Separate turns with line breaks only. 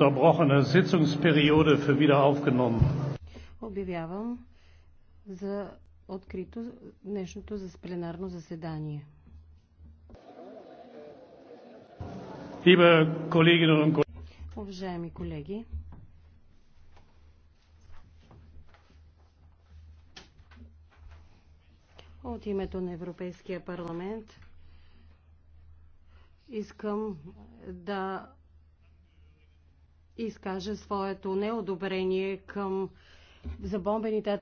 unterbrochene Sitzungsperiode für wieder aufgenommen. Обявявам за открито днешното за пленарно заседание.
Liebe Kolleginnen und Kollegen,
Уважаеми колеги, от името на Европейския парламент искам да изкаже своето неодобрение към забомбените